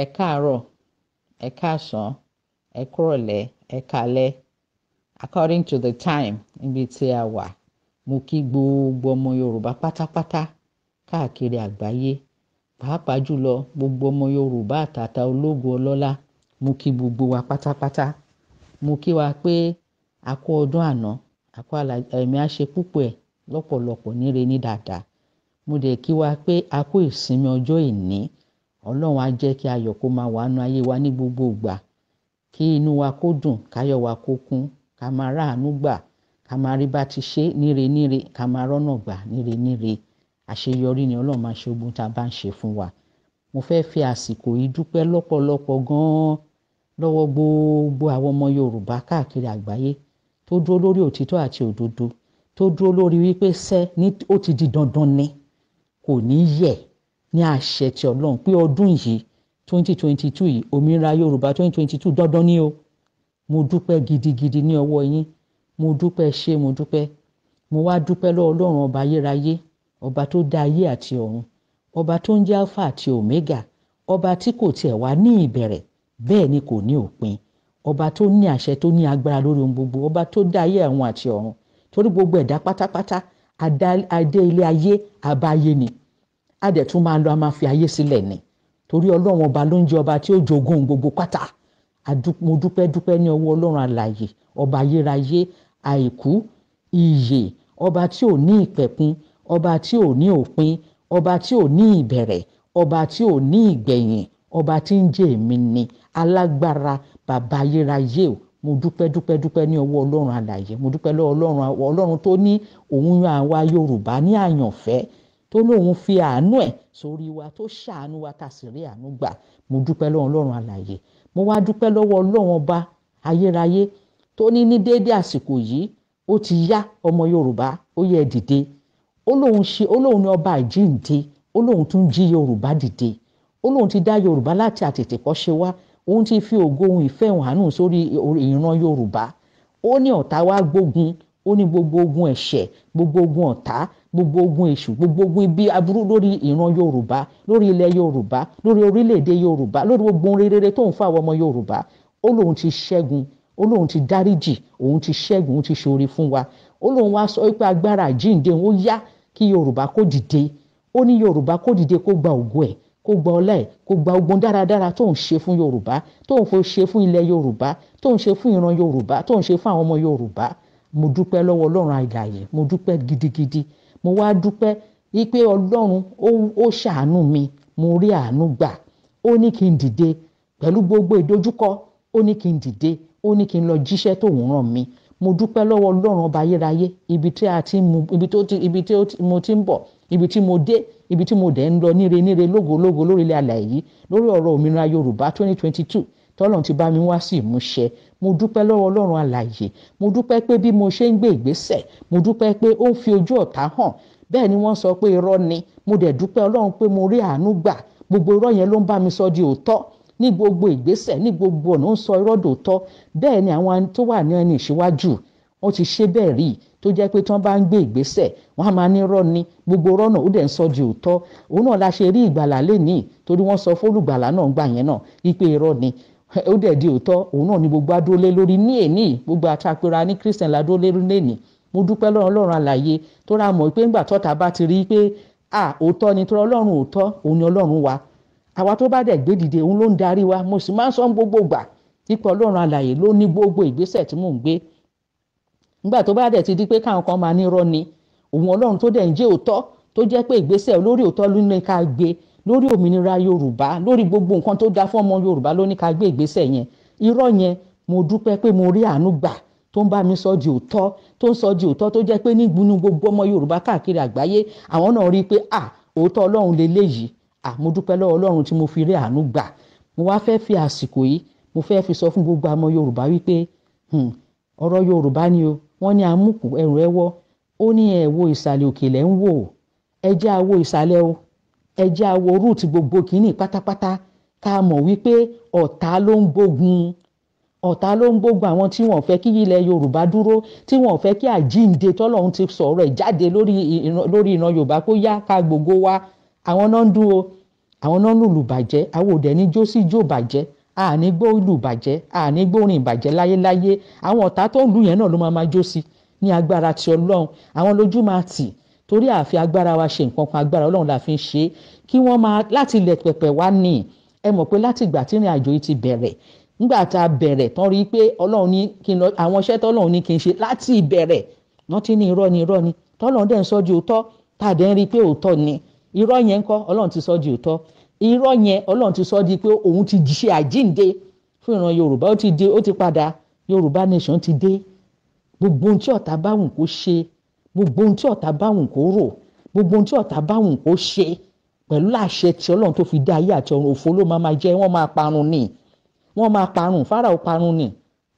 ẹ káàárọ̀ ẹ káàsán ẹ kúrọ̀lẹ́ ẹ kálẹ́ according to the time níbi tí a wà mo kí gbogbo ọmọ yorùbá pátápátá káàkiri àgbáyé pàápàá jùlọ gbogbo ọmọ yorùbá àtàtà ológo ọlọ́lá mo kí gbogbo wa pátápátá mo kí wa pé a kú ọdún àná a kú ẹ̀mí á ṣe púpọ̀ ẹ̀ lọ́pọ̀lọpọ̀ níre ní dáadáa mo dẹ̀ kí wa pé a kú ìsinmi ọjọ́ ìní ọlọ́run á jẹ́ kí ayọ̀ kó máa wà nú ayé wa ní gbogbo ìgbà kí inú wa kó dùn káyọ̀ wa kó kún ká máa ráàánú gbà ká máa rí bá ti ṣe níre níre ká máa rọ́nà gbà níre níre àṣeyọrí ni ọlọ́run máa ṣe ogun tá a bá ń ṣe fún wa mo fẹ́ fi àsìkò yìí dúpẹ́ lọ́pọ̀lọpọ̀ gan-an lọ́wọ́ gbogbo àwọn ọmọ yorùbá káàkiri àgbáyé tó dúró lórí òtítọ́ àti òdodo tó dúró lórí wípé sẹ́ ó ti di dandan ni kò ní yẹ̀ ní àṣẹ ti ọlọ́run pé ọdún yìí twenty twenty two yìí òmìnira yorùbá twenty twenty two dandan ni o mo dúpẹ́ gidigidi ní ọwọ́ yín mo dúpẹ́ ṣé mo dúpẹ́ mo wá dúpẹ́ lọ́wọ́ ọlọ́run ọba ayérayé ọba tó dá ayé àti ọ̀run ọba tó ń jẹ́ alpha àti omega ọba tí kò tiẹ̀ wá ní ìbẹ̀rẹ̀ bẹ́ẹ̀ ni kò ní òpin ọba tó ní àṣẹ tó ní agbára lórí ohun gbogbo ọba tó dá ayé àwọn àti ọ̀run torí gbogbo ẹ̀dá pátápátá adé ilé ayé àbáyé ni a dẹ̀ tún máa lọ a máa fi ayé sílẹ̀ ni torí ọlọ́run ọba ló ń jẹ́ ọba tí ó jogún gbogbo pátá mo dúpẹ́ dúpẹ́ ní ọwọ́ ọlọ́run alààyè ọba ayérayé àìkú ìyè ọba tí ò ní ìpẹ̀kun ọba tí ò ní òpin ọba tí ò ní ìbẹ̀rẹ̀ ọba tí ò ní ìgbẹ̀yìn ọba tí ń jẹ́ èmi ni alágbára bàbá ayérayé o mo dúpẹ́ dúpẹ́ dúpẹ́ ní ọwọ́ ọlọ́run alààyè mo dúpẹ́ lọ́wọ́ ọlọ́run ọlọ́run tó ní òun yan àwa yorùbá ní àyànfẹ́ tó lóun fi àánú ẹ̀ sórí wa tó ṣàánú wa tá a sì rí àánú gbà mo dúpẹ́ lọ́wọ́ ọlọ́run alààyè mo wá dúpẹ́ lọ́wọ́ ọlọ́run ọba ayérayé tó ní ní déédé àsìkò yìí ó ti yá ọmọ yorùbá ó yẹ dìde ó lóun ṣe ó lóun ní ọba àjíǹde ó lóun tún jí yorùbá dìde ó lóun ti dá yorùbá láti àtètèkọ́ṣe wá òun ti fi ògo ohun ìfẹ́ hànú sórí ìran yorùbá ó ní ọ̀tá wá gbógun ó ní gbogbo ogun ẹ̀ṣẹ̀ gbogbo ogun ọ̀tá gbogbo ogun èṣù gbogbo ogun ibi aburú lórí ìran yorùbá lórí ilẹ̀ yorùbá lórí orílẹ̀-èdè yorùbá lórí gbogbo rere tó ń fún àwọn ọmọ yorùbá ó lóun ti ṣẹ́gun ó lóun ti dáríjì òun ti ṣẹ́gun òun ti ṣoore fún wa ó lóun wá sọ pé agbára àjíǹde ó yá kí yorùbá kó dìde ó ní yorùbá kó dìde kó gba ògo ẹ̀ kó gba ọlá ẹ̀ kó gba ogun dáradára tó ń ṣe fún yorùbá tó ń ṣe fún ilẹ̀ yorùbá tó ń ṣe fún ìran yorùbá tó ń ṣe fún àwọn ọmọ yorùbá mo dúpẹ́ lọ́wọ́ ọlọ́run àìláyé mo dúpẹ́ gidigidi mo wá dúpẹ́ wípé ọlọ́run ó ṣàánú mi mo rí àánú gbà ó ní kí n dìde pẹ̀lú gbogbo ìdojúkọ ó ní kí n dìde ó ní kí n lọ jíṣẹ́ tó ń ràn mí mo dúpẹ́ lọ́wọ́ ọlọ́run ọba ayérayé ibi tí a ti mu ibi tó ti ibi tí mo ti ń bọ̀ ibi tí mo dé ibi tí mo dẹ̀ ń lọ níre níre lógo lógo lórí lórí ọ̀rọ̀ òmìnira yorùbá 2022 tọ́lọ́run ti bá mi wá sí ìmúṣẹ mo dúpẹ́ lọ́wọ́ ọlọ́run alààyè mo dúpẹ́ pé bí mo ṣe ń gbé ìgbésẹ̀ mo dúpẹ́ pé ó ń fi ojú ọ̀tá hàn bẹ́ẹ̀ ni wọ́n sọ pé irọ́ ni mo dẹ̀ dúpẹ́ ọlọ́run pé mo rí àánú gbà gbogbo irọ́ yẹn ló ń bá mi sọ di òótọ́ ní gbogbo ìgbésẹ̀ ní gbogbo ọ̀nà ó ń sọ irọ́ dòótọ́ bẹ́ẹ̀ ni àwọn tó wà ní ẹni ìṣíwájú wọ́n ti ṣe bẹ́ẹ̀ rí i tó jẹ́ pé tí wọ́n bá ń gbé ìgbésẹ̀ wọ́n á máa ní irọ́ ni gbogbo irọ́ náà ó dẹ̀ ń sọ di òótọ́ òun náà la ṣe rí ìgbàlà lénìí torí wọ́n sọ fólùgbàlà náà gbà yẹn náà wípé irọ́ ni ó dẹ̀ di òótọ́ òun náà ni gbogbo adúró lé lórí ní èní gbogbo àtàpéra ní christian ládúró lé lórí lẹ́nìí mo dúpẹ́ lọ́rùn ọlọ́run àlàyé tó rà mọ̀ pé ńgbà tọ́ta bá ti rí i pé à òótọ́ ni tó ọlọ́run òótọ́ òun ni ọlọ́run wa àwa tó bá dẹ̀ gbé dìde òun ló ń darí wa mo sì máa ń sọ gbogbo gbà ipò ọlọ́run àlàyé ló ní gbogbo ìgbésẹ̀ tí mò ń gbé ńgbà tó bá dẹ̀ ti di pé káwọn kan máa ni òun ọlọ́run tó dẹ̀ ń jẹ́ òótọ́ tó jẹ́ pé ìgbésẹ̀ olórí ní lórí òmìnira yorùbá lórí gbogbo nǹkan tó dáa fún ọmọ yorùbá ló ní ká gbé ìgbésẹ̀ yẹn irọ́ yẹn mo dúpẹ́ pé mo rí àánú gbà tó ń bá mi sọ di òótọ́ tó ń sọ di òótọ́ tó jẹ́ pé nígbínú gbogbo ọmọ yorùbá káàkiri àgbáyé àwọn náà rí i pé à òótọ́ ọlọ́run leléyìí à mo dúpẹ́ lọ́wọ́ ọlọ́run tí mo fi rí àánú gbà mo wá fẹ́ fi àsìkò yìí mo fẹ́ fi sọ fún gbogbo ọmọ yorùbá wípé hmm, ọ̀rọ̀ yorùbá ni o wọ́n ní amúkù ẹrù ẹwọ́ ó ní ẹ̀wò ìsàlẹ̀ òkèlè ń wò ẹ jẹ́ àwo o ẹ jẹ́ àwọ root gbogbo kìíní pátápátá ká mọ̀ wípé ọ̀tá ló ń gbógun ọ̀tá ló ń gbógun àwọn tí wọ́n fẹ́ kí ilẹ̀ yorùbá dúró tí wọ́n fẹ́ kí àjíǹde tọ́lọ́run ti sọ̀rọ̀ ẹ̀ jáde lórí ìran yorùbá kó yá ká gbogbo wa àwọn náà ń dún o àwọn náà ń lùlù bàjẹ́ àwọn òdẹ ní jó sí jó bàjẹ́ àní gbó lù bàjẹ́ àní gbórin ìbàjẹ́ láyéláyé àwọn ọ̀tá tó ń lù yẹn náà ló máa máa jó sí ní agbára ti ọlọ́run àwọn lójú máa tì torí àfi agbára wa ṣe nǹkan kan agbára ọlọ́run la fi ń ṣe kí wọ́n máa láti ilẹ̀ pẹ̀pẹ̀ wá nì ẹ mọ̀ pé láti ìgbà tí ìrìn àjò yìí ti bẹ̀rẹ̀ nígbà tá a bẹ̀rẹ̀ tán rí i pé ọlọ́run ní kí n lọ àwọn iṣẹ́ tọ́lọ́run ní kí n ṣe láti ìbẹ̀rẹ̀ rántí ní irọ́ ni irọ́ ni tọ́lọ́run dẹ̀ ń sọ di òótọ́ tá a dẹ̀ ń rí i pé òótọ́ ni irọ́ yẹn ńkọ́ ọlọ́run ti sọ di òótọ́ irọ́ yẹn ọlọ́run ti sọ di pé òun ti ṣe àjínde fún ìran yorùbá ó ti dé ó ti padà yorùbá nation ti dé gbogbo ohun tí ọ̀tá bá kó ṣe gbogbo ohun tí ọ̀tá bá wùn kó rò gbogbo ohun tí ọ̀tá bá wùn kó ṣe pẹ̀lú àṣẹ tí ọlọ́run tó fi dá ayé àti ọ̀run òfo ló máa máa jẹ́ wọ́n máa parun ni wọ́n máa parun Fáráò parun ni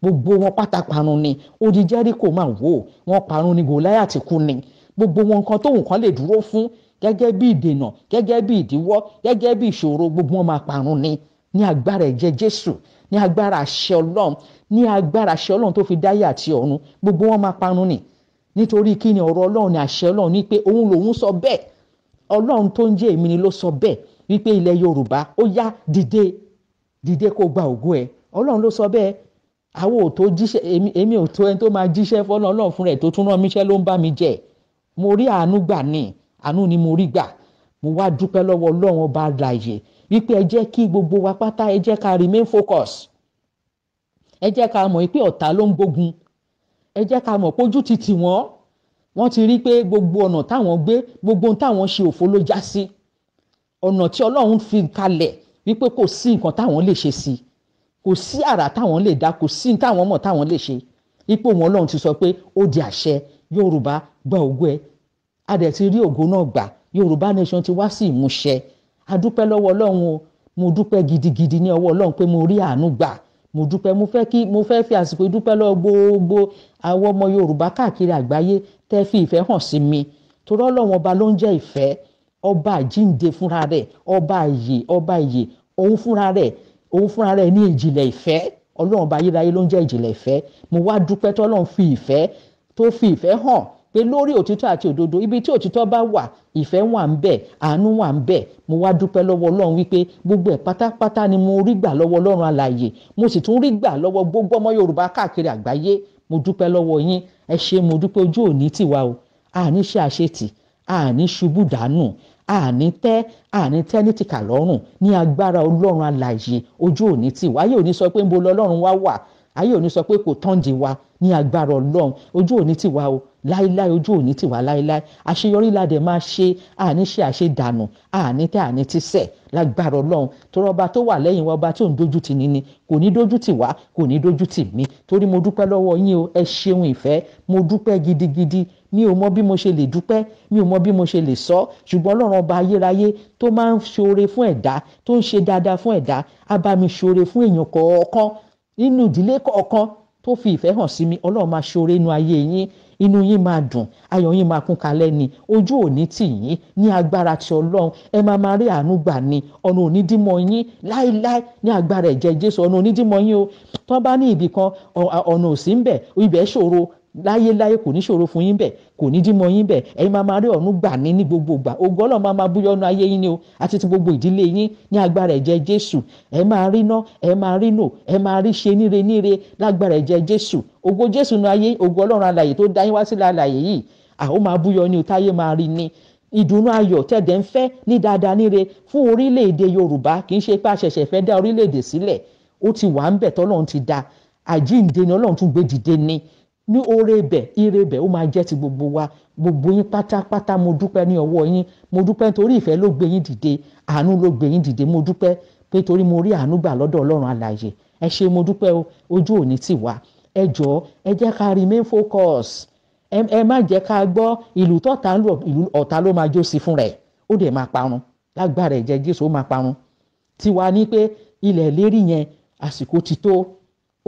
gbogbo wọn pátá parun ni odi Jẹ́ríkò máa wò wọ́n parun ni Gòláyàtì kú ni gbogbo wọn nǹkan tó nǹkan lè dúró fún gẹ́gẹ́ bí ìdènà gẹ́gẹ́ bí ìdíwọ́ gẹ́gẹ́ bí ìṣòro gbogbo wọn máa parun ni ní agbára ẹ̀jẹ̀ Jésù ní agbára àṣẹ ọlọ́run ní agbára àṣẹ ọlọ́run tó fi dáyé àti ọ̀run gbogbo wọn máa parun ni nítorí kí ni ọ̀rọ̀ ọlọ́run ni àṣẹ ọlọ́run ni pé òun lòun sọ bẹ́ẹ̀ ọlọ́run tó ń jẹ́ èmi ni ló sọ bẹ́ẹ̀ wípé ilẹ̀ yorùbá ó yá dìde dìde kó gba ògo ẹ̀ ọlọ́run ló sọ bẹ́ẹ̀ àwọn ò tó jíṣẹ́ èmi ò tó ẹni tó máa jíṣẹ́ fọlọ́run ọlọ́run fúnra ẹ̀ tó tún rán míṣẹ́ ló ń bá mi jẹ mo rí àánú gbà ní àánú ni mo rí gbà mo wá dúpẹ́ lọ́wọ́ ọlọ́run ọba àlàyé wípé ẹ jẹ́ kí gbogbo wa pátá ẹ jẹ́ ká remain focus ẹ jẹ́ ká mọ̀ pé ọ̀tá ló ń gbógun ẹ jẹ́ ká mọ̀ pójú ti tì wọ́n wọ́n ti rí pé gbogbo ọ̀nà táwọn gbé gbogbo ohun táwọn ṣe òfo ló já sí ọ̀nà tí ọlọ́run fi kalẹ̀ wípé kò sí nǹkan táwọn lè ṣe sí kò sí àrà táwọn lè dá kò sí táwọn mọ̀ táwọn lè ṣe ipò wọn ọlọ́run ti sọ pé ó di àṣẹ yorùbá gba ògo ẹ a dẹ̀ ti rí ògo náà gbà yorùbá nation ti wá sí ìmúṣẹ a dúpẹ́ lọ́wọ́ ọlọ́run o mo dúpẹ́ gidigidi ní ọwọ́ ọlọ́run pé mo rí àánú gbà mo dúpẹ́ mo fẹ́ kí mo fẹ́ fi àsìkò ìdúpẹ́ lọ gbogbo àwọn ọmọ Yorùbá káàkiri àgbáyé tẹ́ fi ìfẹ́ hàn sí mi torí Ọlọ́run ọba ló ń jẹ́ ìfẹ́ ọba àjíǹde fúnra rẹ̀ ọba àyè ọba àyè òun fúnra rẹ̀ òun fúnra rẹ̀ ní ìjìnlẹ̀ ìfẹ́ Ọlọ́run ọba ayérayé ló ń jẹ́ ìjìnlẹ̀ ìfẹ́ mo wá dúpẹ́ tọ́lọ́run fi ìfẹ́ tó fi ìfẹ́ hàn pé lórí òtítọ́ àti òdodo ibi tí òtítọ́ bá wà ìfẹ́ wà ń bẹ̀ àánú wà ń bẹ̀ mo wá dúpẹ́ lọ́wọ́ ọlọ́run wípé gbogbo ẹ̀ pátápátá ni mo rí gbà lọ́wọ́ ọlọ́run alààyè mo sì tún rí gbà lọ́wọ́ gbogbo ọmọ yorùbá káàkiri àgbáyé mo dúpẹ́ lọ́wọ́ yín ẹ ṣé mo dúpẹ́ ojú òní tiwa o àní ṣe àṣetì àní ṣubú dànù àní tẹ́ àní tẹ́ ní tìkà lọ́rùn ní agbára ọlọ́run alààyè ojú òní tiwa ayé òní sọ pé ń bo lọ́lọ́run wá wà ayé òní sọ pé kò tán di wa ní agbára ọlọ́run ojú òní tiwa o láíláí ojú òní tì wá láíláí àṣeyọrí la dẹ̀ máa ṣe àní ṣe àṣedànù àní tẹ́ àní ti sẹ̀ lágbára ọlọ́run torí ọba tó wà lẹ́yìn wa ọba tó ń dojú tì ní ni kò ní dojú tì wá kò ní dojú tì mí torí mo dúpẹ́ lọ́wọ́ yín o ẹ ṣeun ìfẹ́ mo dúpẹ́ gidigidi mi ò mọ bí mo ṣe lè dúpẹ́ mi ò mọ bí mo ṣe lè sọ ṣùgbọ́n ọlọ́run ọba ayérayé tó máa ń ṣoore fún ẹ̀dá tó ń ṣe dáadáa fún ẹ̀dá á bá mi ṣoore fún èèyàn kọ̀ọ̀kan nínú ìdílé kọ̀ọ̀kan tó fi ìfẹ́ hàn sí mi ọlọ́run máa ṣoore inú ayé yín inú yín máa dùn ayọ̀ yín máa kún kalẹ̀ ni ojú òní tì yín ní agbára ti ọlọ́run ẹ máa máa rí àánú gbà ni ọ̀nà onídìmọ̀ yín láéláé ní agbára ẹ̀jẹ̀ jésù ọ̀nà onídìmọ̀ yín o tó bá ní ibì kan ọ̀nà òsì ibẹ̀ ṣòro láyéláyé kò ní ṣòro fún yín bẹ̀ kò ní dímọ yín bẹ̀ ẹ̀yin máa máa rí ọ̀run gbà ní ní gbogbo gbà ògo Ọlọ́run máa máa búyọ́ ọ̀nà ayé yín ni o àti ti gbogbo ìdílé yín ní agbára ẹ̀jẹ̀ Jésù ẹ máa rí ná ẹ máa rí nò ẹ máa rí ṣe níre níre lágbára ẹ̀jẹ̀ Jésù ògo Jésù ní ayé ògo Ọlọ́run alàyè tó dá yín wá sílẹ̀ alàyè yìí àwọn máa búyọ́ ni o táyé máa rí ni ìdùnnú ayọ̀ tẹ̀dẹ̀ ń fẹ́ ní dáadáa níre fún orílẹ̀-èdè Yorùbá kì í ṣe pé àṣẹ̀ṣẹ̀ fẹ́ dá orílẹ̀-èdè sílẹ̀ ó ti ti dá àjíǹde ni ní oore bẹ̀ ire bẹ̀ ó máa jẹ́ ti gbogbo wa gbogbo yín pátápátá mo dúpẹ́ ní ọwọ́ yín mo dúpẹ́ nítorí ìfẹ́ ló gbé yín dìde àánú ló gbé yín dìde mo dúpẹ́ pé torí mo rí àánú gbà lọ́dọ̀ ọlọ́run alààyè ẹ ṣé mo dúpẹ́ ojú òní tì wá ẹ jọ̀ọ́ ẹ jẹ́ ká remain focus ẹ má jẹ́ ká gbọ́ ìlú tọ́ta ń lọ ìlú ọ̀tá ló máa jó sí fún rẹ̀ ó dẹ̀ máa parun lágbára ẹ̀jẹ̀ Jésù ó máa parun tiwa ní pé ilẹ̀ lérí yẹn àsìkò ti tó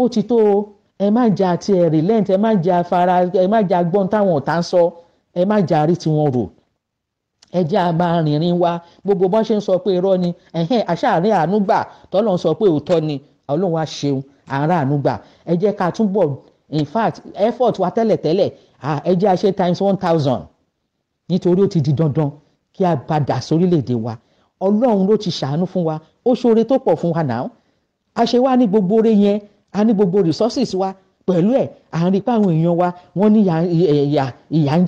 ó ti tó o ẹ má jà àti ẹ relent ẹ má jà fara ẹ má jà gbọ́n táwọn ọ̀tá ń sọ ẹ má jà rí tiwọn rò ẹ jẹ́ a máa rìnrìn wa gbogbo bọ́n ṣe ń sọ pé irọ́ ni ẹ̀hẹ́n àṣàárín àánú gbà tọ́lọ́ ń sọ pé òótọ́ ni Ọlọ́run wa ṣeun àárá àánú gbà ẹ jẹ́ ká túbọ̀ in fact effort wa tẹ́lẹ̀tẹ́lẹ̀ ẹ jẹ́ a ṣe times one thousand nítorí ó ti di dandan kí a padà sórílẹ̀-èdè wa Ọlọ́run ló ti ṣàánú fún wa ó ṣoore tó pọ̀ fún wa náà àṣewá ní gbogbo oore yẹn a ní gbogbo resources wa pẹ̀lú ẹ̀ à ń rí pé àwọn èèyàn wa wọ́n ní ìyà ń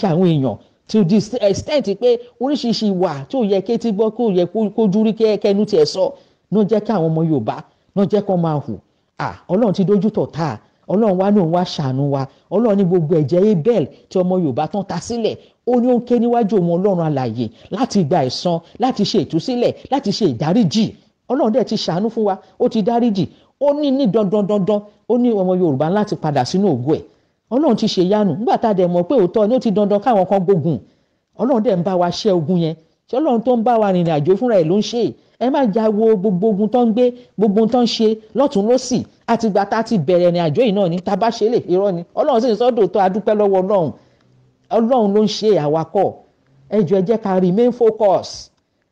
jẹ àwọn èèyàn to the extent pé oríṣiríṣi ìwà tí ò yẹ kétí gbọ́ kó yẹ kójú rí kẹ́nu tiẹ̀ sọ náà jẹ́ kí àwọn ọmọ Yorùbá náà jẹ́ kó máa hù Ọlọ́run ti dójú tọ̀ tá a Ọlọ́run wa náà wá ṣàánú wa Ọlọ́run ní gbogbo ẹ̀jẹ̀ Abel tí ọmọ Yorùbá tán ta sílẹ̀ ó ní ó ń ké níwájú ọmọ Ọlọ́run alàyè láti gba ẹ̀san láti ṣe ìtúsílẹ̀ láti ṣe ìdáríjì Ọlọ́run dẹ̀ ti ṣàánú fún wa ó ti dáríjì ó ní ní dandan dandan ó ní ọmọ Yorùbá láti padà sínú ògo ẹ̀ Ọlọ́run ti ṣe yánu nígbà tá a dẹ̀ mọ̀ pé òótọ́ ni ó ti dandan káwọn kan gbógun Ọlọ́run dẹ̀ ń bá wa ṣẹ́ ogun yẹn ṣé Ọlọ́run tó ń bá wa rìnrìn àjò fúnra ẹ̀ ló ń ṣe ẹ má já wo gbogbo ogun tó ń gbé gbogbo tó ń ṣe lọ́tún lọ́sì àtìgbà tá a ti bẹ̀rẹ̀ ní àjò yìí náà ni tá a bá ṣe lè irọ́ ni Ọlọ́run sì ń sọ́dọ̀ tó a dúpẹ́ lọ́wọ́ Ọlọ́run ló ń ṣe àwakọ̀ ẹ jọ̀ọ́ ká remain focus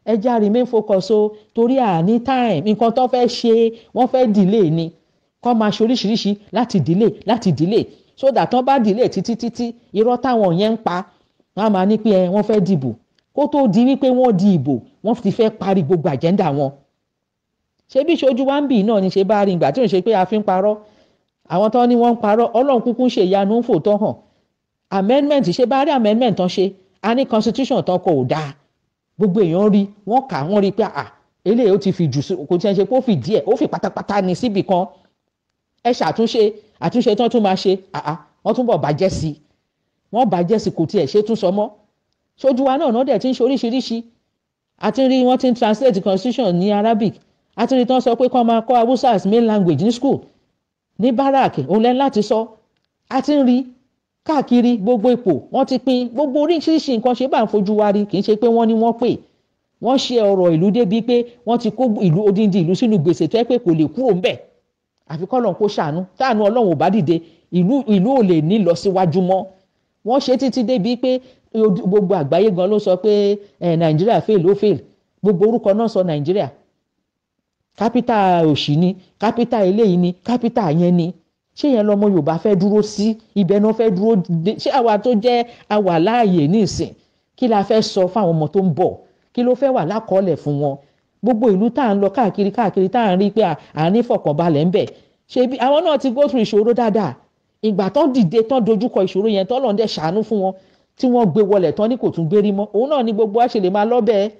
ẹja remain focus o torí àní time nǹkan tó fẹ́ ṣe wọ́n fẹ́ delay ni kọ́ máa ṣe oríṣiríṣi láti delay láti delay so that wọ́n bá delay títí títí irọ́ táwọn yẹn ń pa wọ́n á máa ní pé wọ́n fẹ́ dìbò kó tó di wípé wọ́n di ìbò wọ́n ti fẹ́ parí gbogbo agenda wọn ṣebí ìṣojú wa ń bì náà ni ṣe bá rí ìgbà tí òun ṣe pé a fi ń parọ́ àwọn tó ní wọ́n ń parọ́ ọlọ́run kúkú ń ṣe ìyanu ń fòótọ́ hàn amendment ṣe bá rí amendment tán ṣe a ní constitution tán kò dáa gbogbo èèyàn rí wọ́n kà wọ́n rí pé à eléyìí ó ti fi jù kò tiẹ̀ ṣe pé ó fi díẹ̀ ó fi pátápátá ní síbì kan ẹ ṣàtúnṣe àtúnṣe tí wọ́n tún máa ṣe àá wọ́n túnbọ̀ bàjẹ́ sí i wọ́n bàjẹ́ sí kò tiẹ̀ ṣe tún sọ mọ́ ṣojú wa náà nọ́dẹ̀ ti ń ṣe oríṣiríṣi a ti rí wọ́n ti ń translate constitution ní Arabic a ti rí tán sọ pé kán máa kọ́ Hausa as main language ní school ní barak òun lẹ́nu láti sọ a rí káàkiri gbogbo ipò wọ́n ti pín gbogbo oríṣiríṣi nǹkan ṣe bá ń fojú wa rí kì í ṣe pé wọ́n ní wọ́n pè wọ́n ṣe ọ̀rọ̀ ìlú débi pé wọ́n ti kó ìlú odindi ìlú sínú gbèsè tó yẹ pé kò lè kúrò ńbẹ̀ àfi kọ́ lọ́n kó ṣàánú táànù ọlọ́run ò bá dìde ìlú ìlú ò lè ní lọ mọ́ wọ́n ṣe títí débi pé gbogbo àgbáyé gan ló sọ pé nàìjíríà fail ó fail gbogbo orúkọ náà sọ nàìjíríà kápítà òṣì ni kápítà eléyìí ni kápítà yẹn ni ṣé yẹn lọmọ Yorùbá fẹ́ dúró sí ibẹ̀ náà fẹ́ dúró dé ṣé àwa tó jẹ́ àwa láàyè nísìn kí la fẹ́ sọ fáwọn ọmọ tó ń bọ̀ kí ló fẹ́ wà lákọọ́lẹ̀ fún wọn gbogbo ìlú tá à ń lọ káàkiri káàkiri tá à ń rí pé à ń ní fọkànbalẹ̀ ń bẹ̀ ṣe bí àwọn náà ti go through ìṣòro dáadáa ìgbà tán dìde tán dojúkọ ìṣòro yẹn tán lọ́ndẹ̀ ṣàánú fún wọn tí wọ́n gbé wọlẹ̀ tán ní kò tún gbérí mọ́ òun náà ni gbogbo wa ṣe lè máa lọ́bẹ̀ẹ́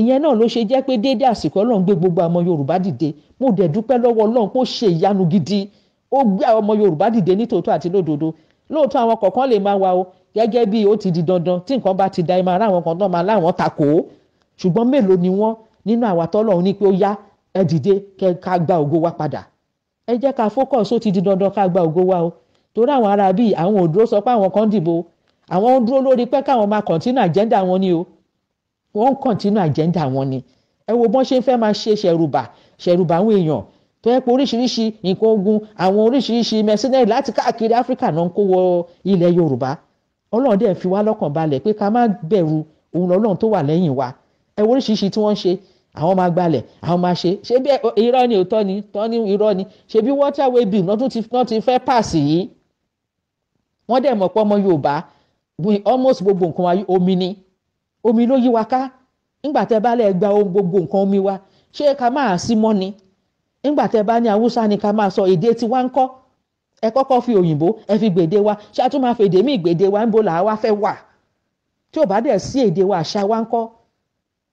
ìyẹn náà ló ṣe jẹ́ pé déédéé àsìkò Ọlọ́run gbé gbogbo àmọ́ Yorùbá dìde mo dẹ̀ dúpẹ́ lọ́wọ́ Ọlọ́run pé ó ṣe ìyanu gidi ó gbé àwọn ọmọ Yorùbá dìde nítòótọ́ àti lódodo lóòótọ́ àwọn kọ̀ọ̀kan lè máa wà o gẹ́gẹ́ bí ó ti di dandan tí nǹkan bá ti da ẹ̀ máa ráwọn kan náà máa láwọn takò ó ṣùgbọ́n mélòó ni wọ́n nínú àwa tọ́lọ́run ní pé ó yá ẹ dìde kẹ ká gba ògo wa padà ẹ jẹ́ ká fókọ̀s ó ti di dandan ká gba ògo wa o torí àwọn ará bíi àwọn ò dúró sọ pé àwọn kan dìbò àwọn ń dúró lórí pé káwọn máa kọ̀ntínú àjẹ́ndà wọn ni o wọ́n ń kọ̀ntínú àjẹ́ndà wọn ni ẹ wo bọ́n ṣe ń fẹ́ máa ṣe ṣẹ̀rùbà ṣẹ̀rùbà àwọn èèyàn tó yẹ pé oríṣiríṣi nǹkan ogun àwọn oríṣiríṣi mercenary láti káàkiri áfíríkà náà ń kó wọ ilẹ̀ yorùbá ọlọ́run dẹ̀ fi wá lọ́kàn balẹ̀ pé ká má bẹ̀rù òun lọ́lọ́run tó wà lẹ́yìn wa ẹ wo oríṣiríṣi tí wọ́n ṣe àwọn máa gbalẹ̀ àwọn máa ṣe ṣé bí irọ́ ni òótọ́ ni tọ́ ni irọ́ ni ṣé bí waterway bill náà ti fẹ́ pàṣẹ yìí wọ́n dẹ̀ mọ̀ pé ọmọ yorùbá almost gbogbo nǹkan wa omi ni omi ló yí wa ká nígbà tẹ́ bá lè gba gbogbo nǹkan omi wa ṣé ká máa sí mọ́ ni nígbà tẹ bá ní haúsá ni ká máa sọ èdè tí wá ń kọ́ ẹ kọ́kọ́ fi òyìnbó ẹ fi gbèdé wa ṣé a tún máa fèdè mí gbèdé wa ń bo làá wá fẹ́ wà tí ò bá dẹ̀ sí èdè wa àṣà wa ń kọ́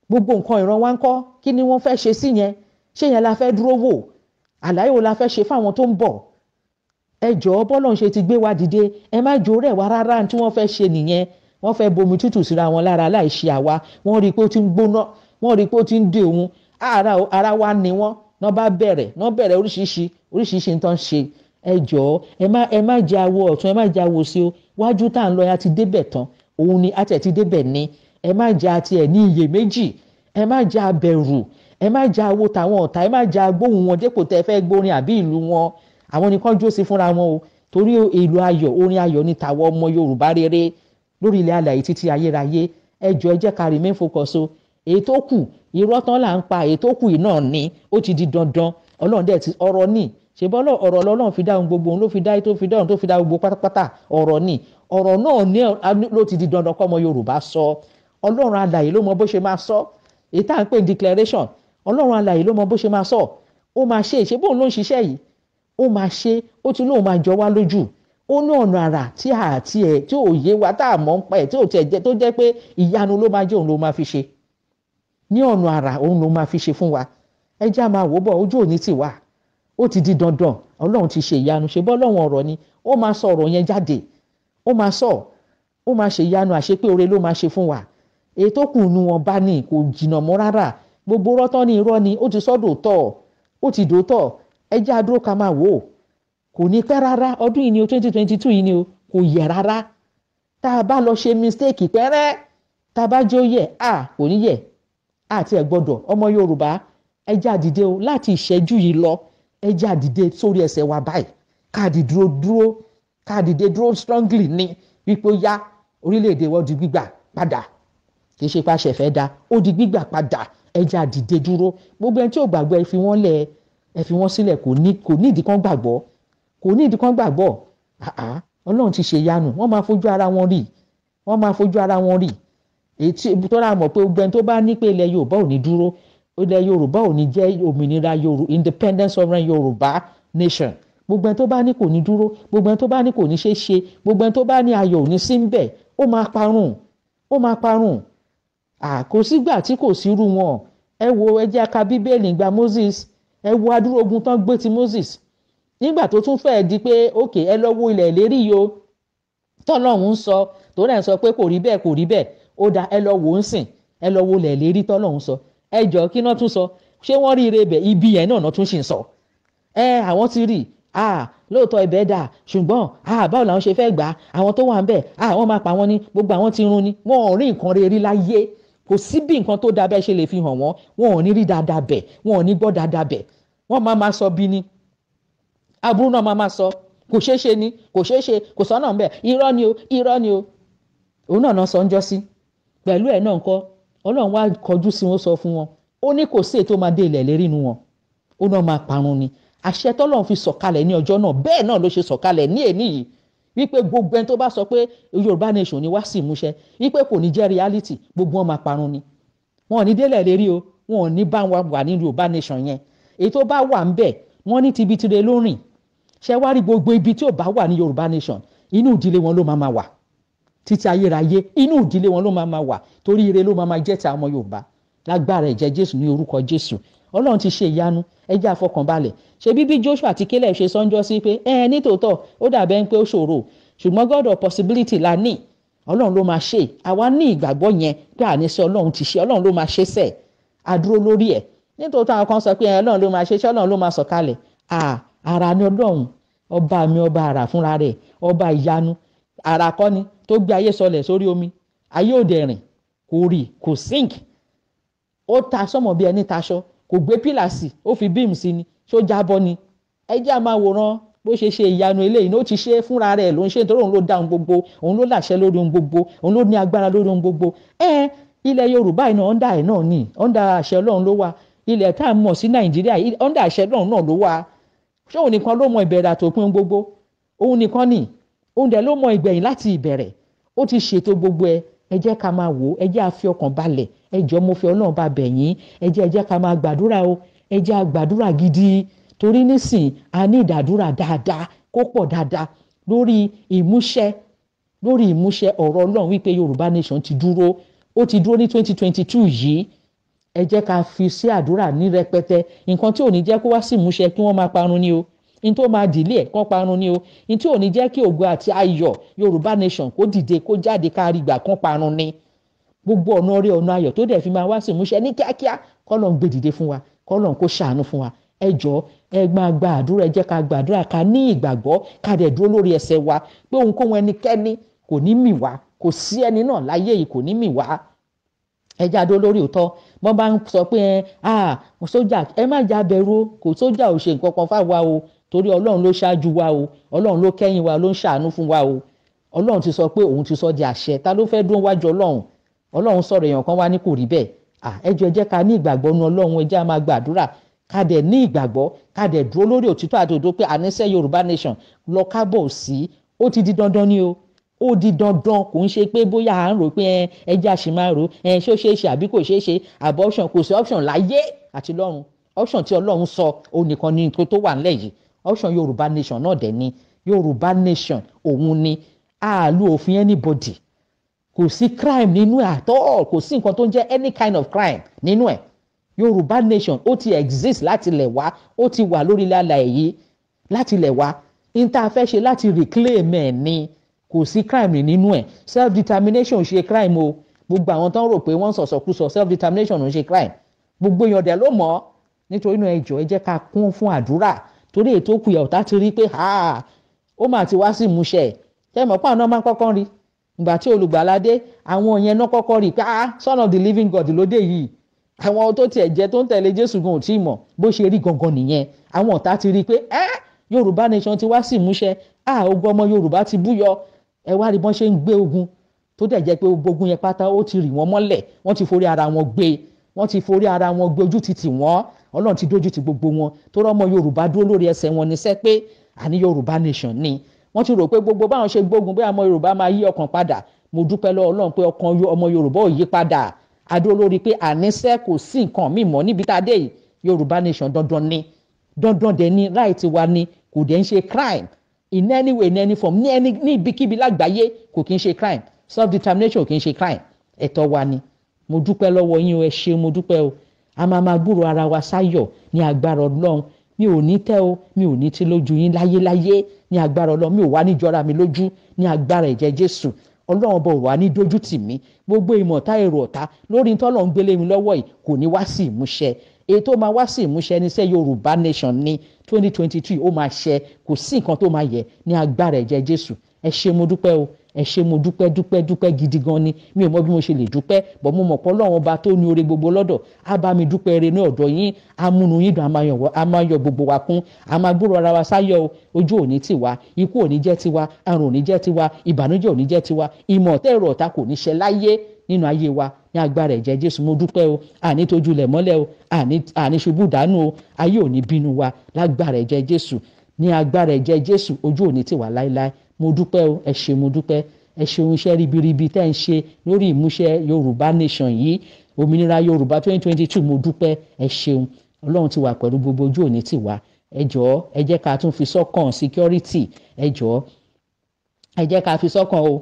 gbogbo nǹkan ìran wa ń kọ́ kí ni wọ́n fẹ́ ṣe sí yẹn ṣé yẹn la fẹ́ dúró wò àlàyé wo la fẹ́ ṣe fáwọn tó ń bọ̀ ẹ jọ̀ọ́ bọ́lọ̀ ń ṣe ti gbé wa dìde ẹ má jò rẹ̀ wá rárá tí wọ́n fẹ́ ṣe nìyẹn wọ́n fẹ́ bomi tútù síra wọn lára láì ṣe àwa wọ́n rí i pé ó ti ń gbóná wọ́n rí i pé ó ti ń dè òun ara wa ni wọ́n náà bá bẹ̀rẹ̀ náà bẹ̀rẹ̀ oríṣiríṣi oríṣiríṣi nǹkan ṣe ẹ jọ̀ọ́ ẹ má ẹ má jẹ awọ ọ̀tún ẹ má jẹ awọ sí o wájú tá à ń lọ ya ti débẹ̀ tán òun ni àtẹ̀ ti débẹ̀ ni ẹ má jẹ àti ẹ̀ ní iyèméjì ẹ má jẹ abẹ̀rù ẹ má jẹ awọ tàwọn ọ̀tá ẹ má jẹ agbóhùn wọn dépò tẹ fẹ́ gbórin àbí ìlú wọn àwọn nìkan jó sí fúnra wọn o torí ìlú ayọ̀ orin ayọ̀ ni tàwọn ọmọ Yorùbá rere lórí ilẹ̀ alàyè títí ayérayé ẹ jọ̀ọ́ ẹ jẹ́ ká remain focus èyí tó kù irọ́ tán là ń pa ètò kù yìí náà ni ó ti di dandan ọlọ́run dẹ̀ ti ọ̀rọ̀ ni ṣèbọ́lọ̀ ọ̀rọ̀ lọ́lọ́run fi dá ohun gbogbo òun ló fi dá ètò fi dá ohun tó fi dá gbogbo pátápátá ọ̀rọ̀ ni ọ̀rọ̀ náà ni ló ti di dandan kọ́mọ Yorùbá sọ ọlọ́run alàyè ló mọ bó ṣe máa sọ èyí tá à ń pè ní declaration ọlọ́run alàyè ló mọ bó ṣe máa sọ ó máa ṣe ìṣe bóun ló ń ṣiṣẹ́ yìí ó máa ṣe ó ti lóun máa jọ wá lójú ó ní ọ̀nà àrà tí àti ẹ̀ tí òye wa tá a mọ̀ ń pa ẹ̀ tí ò tẹ̀ jẹ́ tó jẹ́ pé ìyanu ló máa jẹ́ òun ló máa fi ṣe ní ọ̀nà àrà òun ló máa fi ṣe fún wa ẹ já máa wò bọ̀ ojú òní ti wà ó ti di dandan ọlọ́run ti ṣe ìyanu ṣe bọ́ ọlọ́run ọ̀rọ̀ ni ó máa sọ ọ̀rọ̀ yẹn jáde ó máa sọ ó máa ṣe ìyanu àṣepé oore ló máa ṣe fún wa èyí tó kù nu wọn bá ní kò jìnnà mọ́ rárá gbogbo rọ́tọ́ ní irọ́ ni ó ti sọ́dọ̀ tọ̀ ó ti dòótọ́ ẹ já dúró ká máa wò kò ní pẹ́ rárá ọdún yìí ni o twenty twenty two yìí ni o kò yẹ rárá tá a bá lọ ṣe mistake pẹ́rẹ́ tá a bá jó yẹ a kò ní yẹ àti ẹ̀gbọ́dọ̀ ọmọ Yorùbá ẹ jẹ́ o láti ìṣẹ́jú yìí lọ ẹ jẹ́ á dìde sórí ẹsẹ̀ wa báyìí káàdì dúró dúró káàdì dé dúró strongly ní wípé ó yá orílẹ̀-èdè wa di gbígbà padà kì í ṣe pa ṣẹ̀fẹ̀ da ó di gbígbà padà ẹ jẹ́ á dìde dúró gbogbo ẹni tí ò gbàgbọ́ ẹ fi wọ́n lẹ̀ ẹ fi wọ́n sílẹ̀ kò ní kò ní ìdí kan gbàgbọ́ kò ní ìdí kan gbàgbọ́ àá ọlọ́run ti ṣe yanu wọ́n máa fojú ara wọn rí wọ́n máa fojú ara wọn rí ètí tó rà mọ̀ pé gbẹ́n tó bá ní pé ilẹ̀ Yorùbá ò ní dúró ilẹ̀ Yorùbá ò ní jẹ́ òmìnira Yorùbá independent sovereign Yorùbá nation gbogbo ẹni tó bá ní kò ní dúró gbogbo ẹni tó bá ní kò ní ṣeé ṣe gbogbo ẹni tó bá ní ayọ̀ ò ní sí ń bẹ̀ ó máa parun ó máa parun àkó sígbà tí kò sí irú wọn ẹ wo ẹjẹ́ aka bíbélì ìgbà Moses ẹ wo adúrógun tán gbé ti Moses nígbà tó tún fẹ́ẹ́ di pé òkè ẹ lọ́wọ́ ilẹ̀ lérí yo tọ́lọ́hún sọ tó rẹ̀ sọ pé kò rí bẹ́ẹ̀ kò rí bẹ́ẹ̀ ó da ẹ lọ wò ó ń sìn ẹ lọ wo lẹ̀ lérí tọ́lọ́hún sọ ẹ jọ kí náà tún sọ ṣé wọ́n rí ire bẹ̀ ibi yẹn náà náà tún ṣì ń sọ ẹ àwọn ti rí a lóòótọ́ ibẹ̀ dà ṣùgbọ́n a báwo làwọn ṣe fẹ́ gbà á àwọn tó wà ń bẹ̀ a wọ́n máa pa wọ́n ní gbogbo àwọn ti run ni wọ́n ò rí nǹkan rere láyé kò sí bí nǹkan tó da bẹ́ẹ̀ ṣe lè fi hàn wọ́n wọn ò ní rí dáadáa bẹ̀ wọn ò ní gbọ́ dáadáa bẹ̀ wọ́n máa máa sọ bí ni aburú náà máa máa sọ kò ṣeé ṣe ni kò ṣeé ṣe kò sọ́nà ń bẹ̀ irọ́ ni o irọ́ ni o òun náà náà sọ ń jọ́ sí pẹ̀lú ẹ̀ náà ńkọ́ ọlọ́run wá kọjú sí wọn sọ fún wọn ó ní kò sí ètò máa dé ilẹ̀ lérí nu wọn ó náà máa parun ni àṣẹ tọ́lọ́run fi sọ̀kalẹ̀ ní ọjọ́ náà bẹ́ẹ̀ náà ló ṣe sọ̀kalẹ̀ ní èní yìí wípé gbogbo ẹni tó bá sọ pé Yorùbá nation ni wá sí ìmúṣẹ wípé kò ní jẹ́ reality gbogbo wọn máa parun ni wọn ò ní délẹ̀ lérí o wọn ò ní bá wa wà ní Yorùbá nation yẹn èyí tó bá wà ń bẹ̀ wọn ní tibitire ló rìn ṣẹ́wárí gbogbo ibi tí ò bá wà ní Yorùbá nation inú ìdílé wọn ló máa máa wà títí ayérayé inú ìdílé wọn ló máa ma wà torí ire ló máa ma jẹ́ ti àwọn Yorùbá lágbára ẹ̀jẹ̀ Jésù ní orúkọ Jésù Ọlọ́run ti ṣe ìyanu ẹ àfọkànbalẹ̀ ṣe bíbí Joshua ti Caleb ṣe sọ́njọ́ sí pé ẹ nítòótọ́ ó dàbẹ́ ń pé ó ṣòro ṣùgbọ́n God of possibility la ní Ọlọ́run ló máa ṣe àwa ní ìgbàgbọ́ yẹn pé àní sọ Ọlọ́run ti ṣe Ọlọ́run ló máa ṣe sẹ́ àdúró lórí ẹ̀ nítòótọ́ àwọn kan sọ pé Ọlọ́run ló máa ṣe ṣé Ọlọ́run ló máa sọ̀kalẹ̀ ara ni Ọlọ́run ọba mi ọba àrà fúnra rẹ̀ ọba ìyanu àrà kọ́ tó gbé ayé sọlẹ̀ sórí omi ayé òde rìn kò rì kò sink ó ta sọmọ bí ẹni taṣọ kò gbé pílà sí ó fi bíìmù sí ni ṣó jábọ́ ni ẹ jẹ́ àmọ́ àwòrán bó ṣe ṣe ìyanu eléyìí ní ó ti ṣe fúnra rẹ̀ ló ń ṣe nítorí òun ló dá ohun gbogbo òun ló làṣẹ lórí ohun gbogbo òun ló ní agbára lórí ohun gbogbo ẹ ilẹ̀ Yorùbá iná ọ̀ndà ẹ̀ náà ni ọ̀ndà àṣẹ Ọlọ́run ló wà ilẹ̀ tá a mọ̀ sí Nàìjíríà ọ̀ndà àṣẹ Ọlọ́run náà ló wà ṣé òun nìkan ló mọ ìbẹ̀rẹ̀ àtòpin gbogbo òun nìkan ni òun dẹ̀ ló mọ ìgbẹ̀yìn láti ìbẹ̀rẹ̀ ó ti ṣètò gbogbo ẹ ẹ jẹ́ ká máa wò ó ẹ jẹ́ àfi ọkàn balẹ̀ ẹ jọ mo fi ọlọ́run bá bẹ̀ yín ẹ jẹ́ ẹ jẹ́ ká máa gbàdúrà o ẹ jẹ́ àgbàdúrà gidi torí nísìn a ní ìdàdúrà dáadáa kó pọ̀ dáadáa lórí ìmúṣẹ lórí ìmúṣẹ ọ̀rọ̀ ọlọ́run wípé Yorùbá nation ti dúró ó ti dúró ní twenty twenty two yìí ẹ jẹ́ ká fi sí àdúrà ní rẹpẹtẹ nǹkan tí ò ní jẹ́ kó wá sí ìmúṣẹ kí wọ́n máa parun ni o ní tó máa dìlé ẹ̀ kán parun ni o ní tí ò ní jẹ́ kí ògo àti ayọ̀ Yorùbá nation kó dìde kó jáde kárí gbà kán parun ni gbogbo ọ̀nà orí ọ̀nà ayọ̀ tó dẹ̀ fi máa wá sí ìmúṣẹ ní kíákíá kọ́lọ̀ ń gbé dìde fún wa kọ́lọ̀ ń kó ṣàánú fún wa ẹ jọ ẹ máa gba àdúrà ẹ jẹ́ ká gbàdúrà ká ní ìgbàgbọ́ ká dẹ̀ dúró lórí ẹsẹ̀ wa pé ohunkóhun ẹnikẹ́ni kò ní mì wá kò sí ẹni náà láyé yìí kò ní mì wá ẹ jáde olórí òótọ́ wọ́n bá ń sọ pé ẹ sójà ẹ má jà bẹ̀rù kò sójà ò ṣe nǹkan kan fáwa o torí ọlọ́run ló ṣáájú wa o ọlọ́run ló kẹ́yìn wa ló ń ṣàánú fún wa o ọlọ́run ti sọ pé òun ti sọ di àṣẹ ta ló fẹ́ẹ́ dún wájú ọlọ́run ọlọ́run sọ̀rọ̀ èèyàn kan wá ní kò rí bẹ́ẹ̀ à ẹ jọ̀ọ́ ẹ ká ní ìgbàgbọ́ nu ọlọ́run ẹ á máa gbàdúrà ká dẹ̀ ní ìgbàgbọ́ ká dẹ̀ dúró lórí òtítọ́ àdòdó pé àníṣe yorùbá nation lọ kábọ̀ sí ó ti di dandan ni o ó di dandan kò ń ṣe pé bóyá à ń rò pé ẹ jẹ́ àṣemáàrò ẹ ṣó ṣeé ṣe àbí kò ṣeé ṣe àbọ̀ option kò sí option láyé àti lọ́run option tí ọlọ́run sọ òun nìkan ni nǹkan tó wà nílẹ̀ yìí option yorùbá nation náà dẹ̀ ni yorùbá nation òun ni àálù òfin anybody kò sí crime nínú ẹ̀ at all kò sí nǹkan tó ń jẹ́ any kind of crime nínú ẹ̀ yorùbá nation ó ti exist láti lẹ̀ wá ó ti wà lórí ilẹ̀ alàyè láti lẹ̀ wá n tá fẹ́ ṣe láti reclaim ẹ̀ ni kò sí crime nínú ẹ̀ self determination ṣe crime o gbogbo àwọn tó ń rò pé wọ́n ń sọ̀sọ̀kúsọ self determination ń ṣe crime gbogbo èèyàn dẹ̀ ló mọ̀ nítorí náà ẹ jọ̀ọ́ ẹ jẹ́ ká kún fún àdúrà torí ètò kù yà ọ̀tá ti rí pé ó mà ti wá sí ìmúṣẹ ṣe mọ̀ pàánù máa ń kọ́kọ́ rí ìgbà tí olùgbàládé àwọn yẹn náà kọ́kọ́ rí pé ah son of the living God lóde yìí àwọn tó tiẹ̀ jẹ́ tó ń tẹ̀lé Jésù gan ò tí ì mọ̀ bó ṣe rí gangan nìyẹn àwọn ọ̀tá ti rí pé eh Yorùbá nation ti wá sí ìmúṣẹ ah, ogun ọmọ Yorùbá ti búyọ ẹ wá rí bọ́n ṣe ń gbé ogun tó dẹ̀ jẹ́ pé ogun yẹn pátá ó ti rì wọ́n mọ́lẹ̀ wọ́n ti forí ara wọn gbé wọ́n ti forí ara wọn gbé ojú ti wọ́n ọlọ́run ti dójú ti gbogbo wọn tó rọ́mọ yorùbá dúró lórí ẹsẹ̀ wọn ní sẹ́ pé àní yorùbá nation ni wọ́n ti rò pé gbogbo báwọn ṣe gbógun bí ọmọ yorùbá máa yí ọkàn padà mo dúpẹ́ lọ́wọ́ ọlọ́run pé ọkàn ọmọ yorùbá ò yí padà adúró lórí pé àníṣe kò sí nǹkan míì mọ́ níbi tá a dé yìí yorùbá nation dandan ni dandan dẹ̀ ni right wa ni kò dẹ̀ ń ṣe crime in any way in any form ní any ní ibikíbi lágbàáyé kò kí ń ṣe crime self determination kì í ṣe crime ẹ̀tọ́ wa ni mo dúpẹ́ lọ́wọ́ yín o ẹ ṣé mo dúpẹ́ o a máa máa gbúrò ara wa sáyọ̀ ní agbára ọlọ́run mi ò ní tẹ́ o mi ò ní tí lójú yín láyéláyé ní agbára ọlọ́run mi ò wá níjọra mi lójú ní agbára ẹ̀jẹ̀ jésù ọlọ́run ọba ò wá ní dojú tì mí gbogbo ìmọ̀ta èrò ọ̀tá lórí tọ́lọ̀ ń gbélé mi lọ́wọ́ yìí kò ní wá sí ìmúṣẹ èyí tó máa wá sí ìmúṣẹ ní sẹ́ yorùbá nation ní twenty twenty three ó máa ṣẹ kò sí nǹkan tó máa yẹ ní agbára ẹ̀jẹ̀ jésù ẹ ṣé mo dúpẹ́ o ẹ ṣé mo dúpẹ́ dúpẹ́ dúpẹ́ gidi gan ni mi ò mọ bí mo ṣe lè dúpẹ́ bọ́ mo mọ̀ pé Ọlọ́run ọba tó ní oore gbogbo lọ́dọ̀ á bá mi dúpẹ́ eré ní ọ̀dọ̀ yín amúnú yín dùn á máa yọ gbogbo wa kún á máa gbúrò ara wa sáyọ̀ ojú òní tiwa ikú òní jẹ́ tiwa àrùn òní jẹ́ tiwa ìbànújẹ́ òní jẹ́ tiwa ìmọ̀ tẹ́rọ ọ̀tá kò ní ṣe láyé nínú ayé wa ní agbára ẹ̀jẹ̀ jésù mo dúpẹ́ o àní tójúlẹ̀ ní agbára ẹ̀jẹ̀ jésù ojú òní tiwa láéláé mo dúpẹ́ o ẹ ṣé mo dúpẹ́ ẹ ṣeun iṣẹ́ ribiribi tẹ́ ń ṣe lórí ìmúṣẹ Yorùbá nation yìí òmìnira Yorùbá 2022 mo dúpẹ́ ẹ ṣeun Ọlọ́run ti wà pẹ̀lú gbogbo ojú òní ti wà ẹ jọ̀ọ́ ẹ jẹ́ ká tún fi sọ́kàn security ẹ jọ̀ọ́ ẹ jẹ́ ká fi sọ́kàn o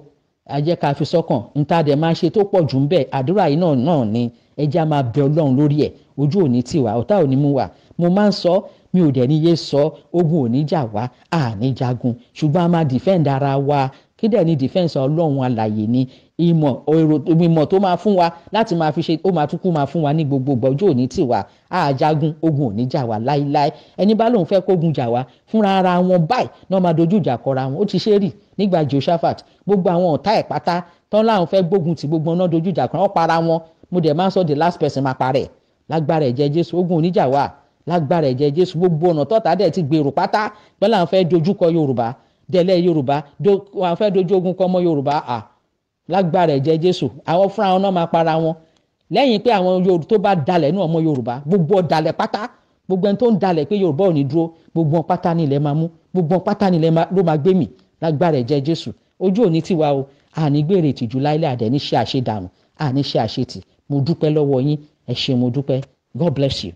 ẹ jẹ́ ká fi sọ́kàn níta máa ṣe tó pọ̀ jù ń bẹ̀ àdúrà yìí náà náà ni ẹ jẹ́ á máa bẹ Ọlọ́run lórí ẹ̀ ojú òní ti wà ọ̀tá òní mú wà mo máa ń sọ mi ò dẹ̀ ní yé sọ ogun ò wá àní jagun ṣùgbọ́n a máa defend ara wa kí dẹ̀ ni defense ọlọ́run alàyè ni ìmọ̀ èrò ìmọ̀ tó máa fún wa láti máa fi ṣe ó máa tún kú máa fún wa ní gbogbo ìgbà ọjọ́ òní tiwa àjagun ogun ò ní jà wá láíláí ẹni bá lóun fẹ́ kógun jà wá fúnra ara wọn báyìí náà máa dojú ìjà kọra wọn ó ti ṣe rí nígbà Jehoshaphat gbogbo àwọn ọ̀tá ẹ̀ pátá tán láwọn fẹ́ gbógun ti gbogbo náà dojú ìjà kọra wọn para wọn mo dẹ̀ máa sọ the last person máa parẹ́ lágbára ẹ̀jẹ̀ Jésù ogun ò wá lágbára ẹ̀jẹ̀ jésù gbogbo ọ̀nà tọ́ta dẹ̀ ti gbèrò pátá pẹ́lú àwọn fẹ́ dojúkọ yorùbá dẹ̀lẹ́ yorùbá àwọn fẹ́ dojú ogun kọ ọmọ yorùbá à lágbára ẹ̀jẹ̀ jésù àwọn fúnra wọn náà máa para wọn lẹ́yìn pé àwọn yorùbá tó bá dalẹ̀ nínú ọmọ yorùbá gbogbo ọ̀dàlẹ̀ pátá gbogbo ẹni tó ń dalẹ̀ pé yorùbá ò ní dúró gbogbo wọn pátá nílẹ̀ máa mú gbogbo wọn pátá nílẹ̀ ló máa gbé mì lágbára ẹ̀jẹ̀ jésù ojú òní tiwa o àní gbèrè ìtìjú láìlẹ̀ àdẹ̀ ní ṣe àṣedànù àní ṣe àṣetì mo dúpẹ́ lọ́wọ́ yín ẹ ṣé mo dúpẹ́ God bless you.